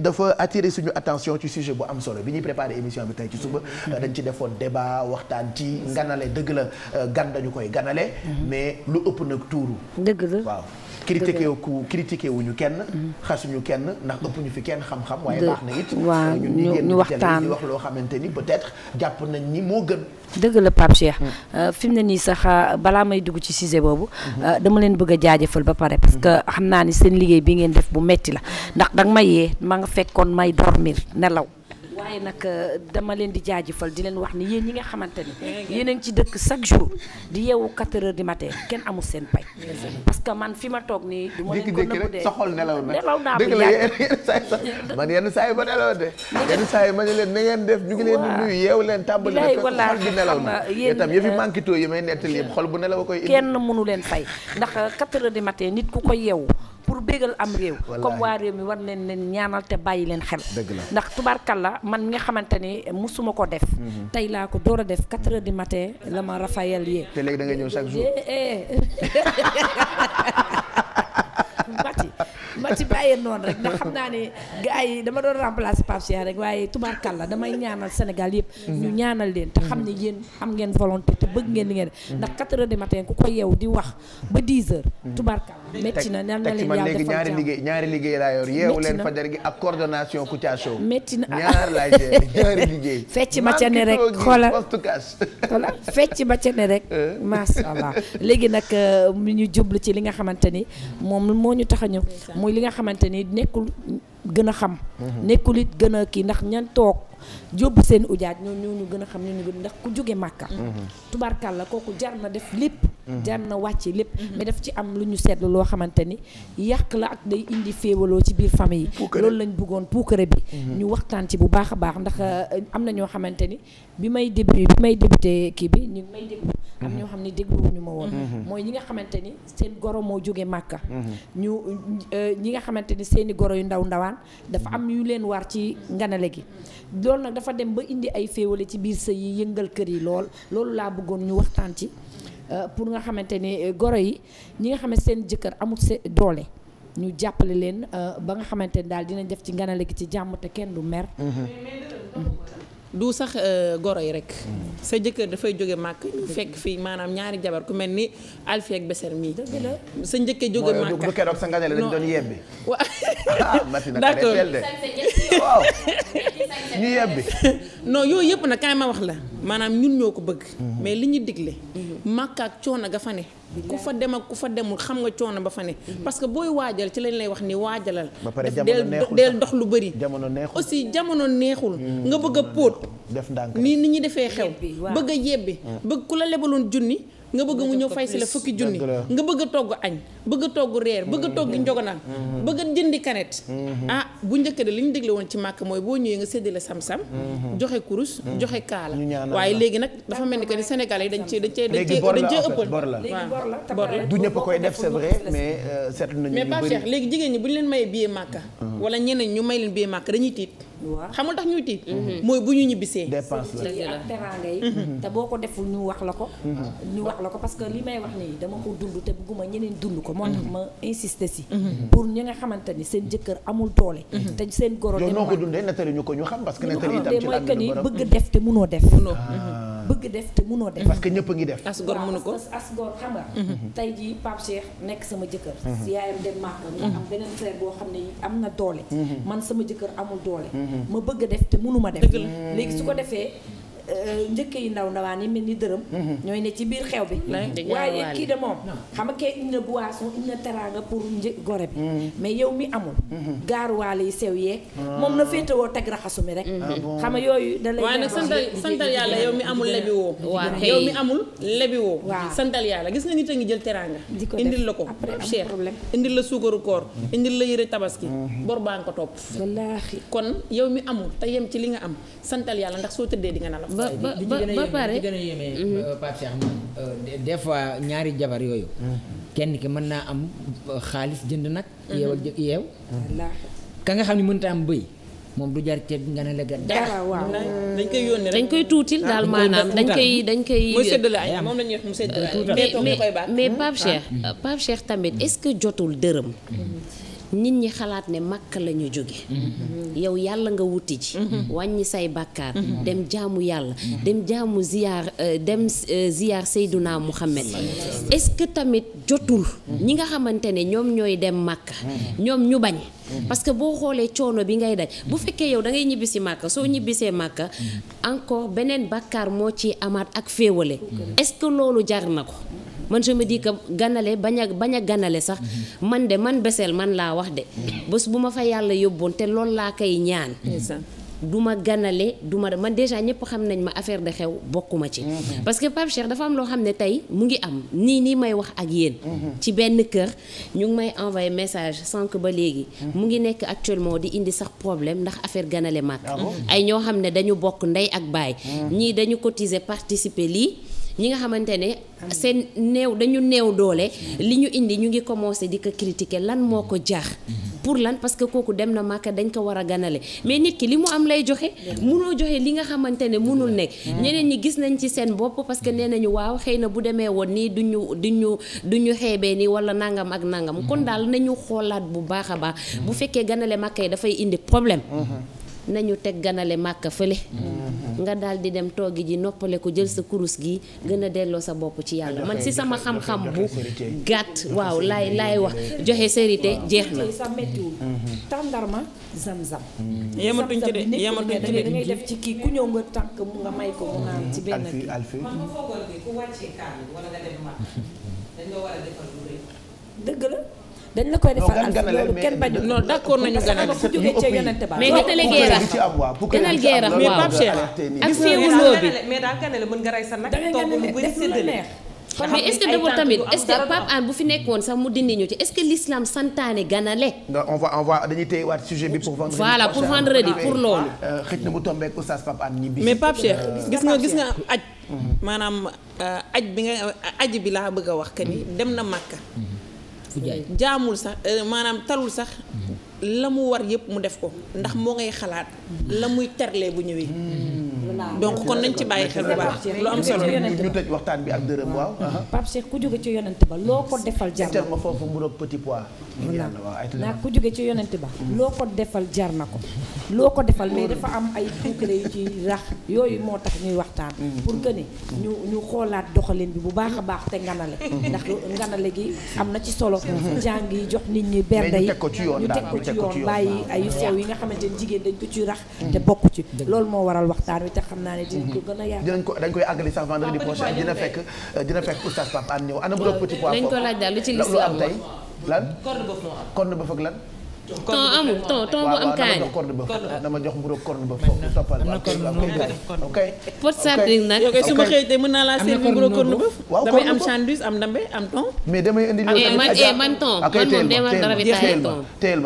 dafa attire suñu attention ci sujet bu am solo bi ñuy préparé émission bi tey ci suba mm-hmm. dañ ci defoon débat waxtaan ci nganale dëgg la euh, gan dañu koy ganale mm-hmm. mais lu ëpp nag tuuru dëgg la waaw critiqué ku critiqué ñu kenn xasuñu kenn ndax ëpp ñu fi kenn xam-xam waaye baax na it waaw ñu waxtaan di wax loo xamante ni peut-être jàpp nañ ni moo gën dëgg la Pape Cheikh mm. euh, fi mu ne nii sax euh, balaa may dugg ci sujet boobu mm-hmm. euh, dama leen bëgg a jaajëfal ba pare parce que xam naa ni seen liggéey bi ngeen def bu metti la ndax danga ma yee ma nga fekkoon may dormir nelaw waaye nag euh, dama leen di jaajëfal di leen wax ni yéen ñi nga xamante ni yéen a ngi ci dëkk chaque jour di yeewu 4 heures du matin kenn amul seen pay parce que man fi ma toog nii du ma leen ko nëbb de soxol nelaw na nelaw naa dëgg la yenn saay sax man yenn saa yi ba nelaw de yenn saa ma ne leen na ngeen def ñu ngi leen nuyu yeewu leen tàmbali na fekk xol bi nelaw ma itam yëfi euh, manquito yi may nettali yëpp xol bu nelaw koy indi kenn mënu leen fay ndax 4 euh, heures nit ku ko yeewu pour bégal am réew comme waa réew mi war leen leen ñaanal te bàyyi leen xel ndax la man nga xamante ni musuma ko def mhm. tey laa ko door a def quatre heures du matin la ma Raphaël yee te léegi da nga ñëw chaque jour eh, eh. Mati Mati bàyyee noonu rek xam naa ne gars dama doon remplacer Pape Cheikh rek waaye tubaarkàlla damay ñaanal Sénégal yëpp. ñu mhm. ñaanal leen te xam ne yéen am ngeen volonté te bëgg ngeen li ngeen def. Mhm. ndax 4 heures du matin ku ko yeew di wax ba 10 heures. tubaarkàlla. métti na ñaan na leen yàlla léegi ñaari liggéey ñaari liggéey laa yor leen fajar gi ak coordination Kouthia métti na ñaar laay ñaari liggéey fecc ma ca ne rek xoolal voilà fecc ma ca ne rek masha léegi nag euh, ñu jublu ci li nga xamante ni moom moo ñu tax a ñëw muy li nga xamante ni nekkul gën a xam mhm. nekkul it gën a kii ndax ñantoog toog yóbbu seen ujaaj ñoo ñu gën a xam ñoo ndax ku jóge màkka mhm. la kooku jar na def lépp jaar mhm. na wàcce lépp mhm. mais def ci am lu ñu seetlu loo xamante ni yàq la ak day indi féewaloo ci biir famille yi loolu lañ bëggoon puukare bi mhm. ñu waxtaan ci bu baax a baax ndax euh, am na ñoo xamante ni bi may début may débuté kii bi ñu may ñoo xam ne dégluwuñu ma ñi nga xamante ni seen goro moo jóge màkka ñu euh, ñi nga xamante ni seeni goro yu ndaw ndawaan dafa am yu leen war ci nganale gi loolu nag dafa dem ba indi ay féewale ci biir sëy yëngal kër yi lool loolu laa bëggoon ñu waxtaan ci pour nga xamante ni goro yi ñi nga xam seen jëkkër amul se doole ñu jàppale leen ba nga xamante ni daal dinañ def ci nganale gi ci jàmm te kenn du mer. du sax euh, goro yi rek sa jëkkër dafay jóge màkk fekk fii maanaam ñaari jabar ku mel ni Alfie ak Besser mii sa njëkke jóge màkk du keroog sa nganale dañ doon yebbi ah, yooyu yëpp nag kaay ma wax la maanaam ñun ñoo ko bëgg mhm. mais li ñu digle mhm. màkk ak coono ga fa ku fa dem ak ku fa demul xam nga coono ba fa ne. Mhm. parce que booy waajal ci lañ lay wax ni waajalal. ba pare del dox lu bëri. jamono neexul aussi jamono neexul. Mhm. nga bëgg a póot. def ndànk ni nit ñi defee xew. bëgg a yebbi mhm. bëgg ku la lebaloon junni. nga bëgg mu ñëw fay si la fukki junni nga bëgg a togg añ bëgg a togg reer bëgg a mm-hmm. togg njogonaan mm-hmm. bëgg a jëndi kanet mm-hmm. ah bu njëkk di li ñu dégle woon ci màkk mooy boo ñëwee nga séddale sam-sam joxe kurus joxe kaala waaye léegi nag dafa mel ni que ni sénégal yi dañ ci dañ cee dañ cee dañ cee ëppal bor la bor la du ñëpp koy def c'est vrai mais euh, seetlu léegi jigéen ñi bu ñu leen mayee billet màkka wala ñeneen ñu may leen billet màkka dañuy tiit xamul tax ñuy tiit mhm. mooy bu ñu ñibbisee dépense la ak teraanga yi mhm. te boo ko deful ñu wax la ko mhm. ñu wax la ko parce que li may wax nii dama ko dund te bëgguma ñeneen dund ko moo tax ma insister si pour ñi nga xamante ni seen jëkkër amul doole te seen goro noo ko dundee nettali ñu ko ñu xam parce que nettali itam ci mooy que def te munoo def ah. bëgg def te munoo def. parce que ñëpp a ngi def. as gor mënu ko as gor xam nga. Mhm. tey jii nekk sama jëkkër. Mhm. si yaayam dem Màkka mu mhm. am beneen frère boo xam ne am na doole. man sama jëkkër amul doole. ma bëgg def te munuma def. léegi su ko defee. njëkk yi ndaw ndawaan yi mel ni dërëm mhm. ñooy ne ci biir xew bi waaye kii de moom xam nga kee indi na boisson indi na teraanga pour një mhm. mhm. yi sew yeeg ah. moom na féetewoo teg raxasu mi rek ah xam nga yooyu da lay mi amul lebi woo waaw a ngi la ko cher indil la suukaru koor indil la yëre tabaski bor baa nga ko topp wallaahi kon yow mi amul te yem ci li nga am santal yàlla ndax soo tëddee di nga nalaw ba ba ba pare li ci gën moom mhm. euh, euh, des fois ñaari jabar yooyu mhm. kenn ki mën naa am euh, xaalis jënd nag mhm. yeew ak yeew ka nga xam ne mënta am bëy moom du jar ceeb nga ne la gën dara dañ koy yónnee dañ koy tuutil daal maanaam dañ koy dañ koy mooy séddale ay moom la ñuy wax mais Pape Cheikh Pape Cheikh tamit est-ce que jotul dërëm nit ñi xalaat ne màkk lañu jóge mm-hmm. yow yàlla nga wuti ji mm-hmm. wàññi say bàkkaar mm-hmm. dem jaamu yàlla dem jaamu ziyaar euh, dem euh, ziyaar Seyduna Muhammad est-ce que tamit jotul ñi nga xamante ne ñoom ñooy dem màkk ñoom ñu bañ parce que boo xoolee coono bi ngay daj bu fekkee yow da ngay ñibbi si màkka soo ñibbisee màkka encore beneen bàkkaar moo ciy amaat ak féewale est loolu jar na ko man je me dis que ganale baña a ganale sax mhm. man de man beseel man laa wax de bés bu ma fa yàlla yóbboon te loolu laa koy ñaan mhm. duma ganale duma man déjà ñëpp xam nañ ma affaire de xew bokkuma ci. Mhm. parce que Pape Cheikh dafa am loo xam ne tey mu ngi am nii nii may wax ak yéen. ci benn kër ñu ngi may envoyé message sànq ba léegi. mu ngi nekk actuellement di indi sax problème ndax affaire ganale mag ah ay ñoo xam ne dañu bokk ndey ak baay. ñii dañu lii. ñi nga xamante ne seen néew dañu néew doole li ñu indi ñu ngi commencé di ko critiquer lan moo ko jaax pour lan parce que kooku dem na màkka dañ ko war a ganale mais nit ki li mu am lay joxe munoo joxe li nga xamante ne munul nekk ñeneen ñi gis nañ ci seen bopp parce que nee nañu waaw xëy na bu demee woon nii du ñu du ñu xeebee nii wala nangam ak nangam kon daal nañu xoolaat bu baax a baax bu fekkee ganale màkka yi dafay indi problème nañu teg ganale màkk fële mm-hmm. nga daal dem toogi ji noppale ko jël sa kurus gi gën a delloo sa bopp ci yàlla man ci sama xam-xam bu gàtt waaw laay laay wax joxe sérité jeex na mm-hmm. tàndarma zam-zam mm-hmm. yematuñ ci de yematuñ nga tànk mu nga may dañ la koy defal ak loolu kenn bañu non d'accord nañu ganal bu jógee mais ganal ak féewuloo bi mais daal ganale sa nag togg tamit est-ce que bu fi nekkoon sax mu dindi ñu ci est-ce que l'islam santaane ganale on va on va dañuy téye waat sujet bi pour vendredi voilà pour loolu euh, xëj na mu tombeek oustaz Pape mais Pape euh, gis nga gis nga aj maanaam euh, aj bi nga aj bi laa bëgg a wax que ni dem na Makka fu mm. jaamul sax euh, maanaam talul sax mm. la mu war yëpp mu def ko ndax moo ngay xalaat mm. la muy terlee bu ñëwee donc kon nañ ci bàyyi xel bu baax lu am solo ñu waxtaan bi ak dërëm waaw Pape ku jóge ci yonent ba loo ko defal jar na ko foofu mu petit poids ku jóge ci yonent ba loo ko defal jar na ko loo ko defal mais dafa am ay puukare yu ci rax yooyu moo tax ñuy waxtaan mm. pour que ni ñu ñu xoolaat doxalin bi bu baax a baax te nganale mm-hmm. ndax nganale gi am na ci solo mm-hmm. jàng yi jox nit ñi bernde yi ñu teg ko ci yoon bàyyi ay sew yi nga xamante ni jigéen dañ ko ci rax te mm-hmm. bokk ci loolu moo waral waxtaan wi te xam naa ne dinañ ko gën a yaatu dinañ ko dañ koy àggali sax vendredi prochain dina fekk euh, dina fekk oustaz Pape Anne ñëw ana bu doon petit pois lu am tey lan corne bœuf moo am corne bœuf ak lan temps amul temps temps bu am kaani. dama jox mburu corne ba foofu toppal. am na corne ok pot sardine nag. ok su ma xëytee mën naa laa seet mburu corne ba. waaw damay am sandwich am ndambe am thon. mais damay indi eh, man eh, man thon man moom dara bi tayal thon.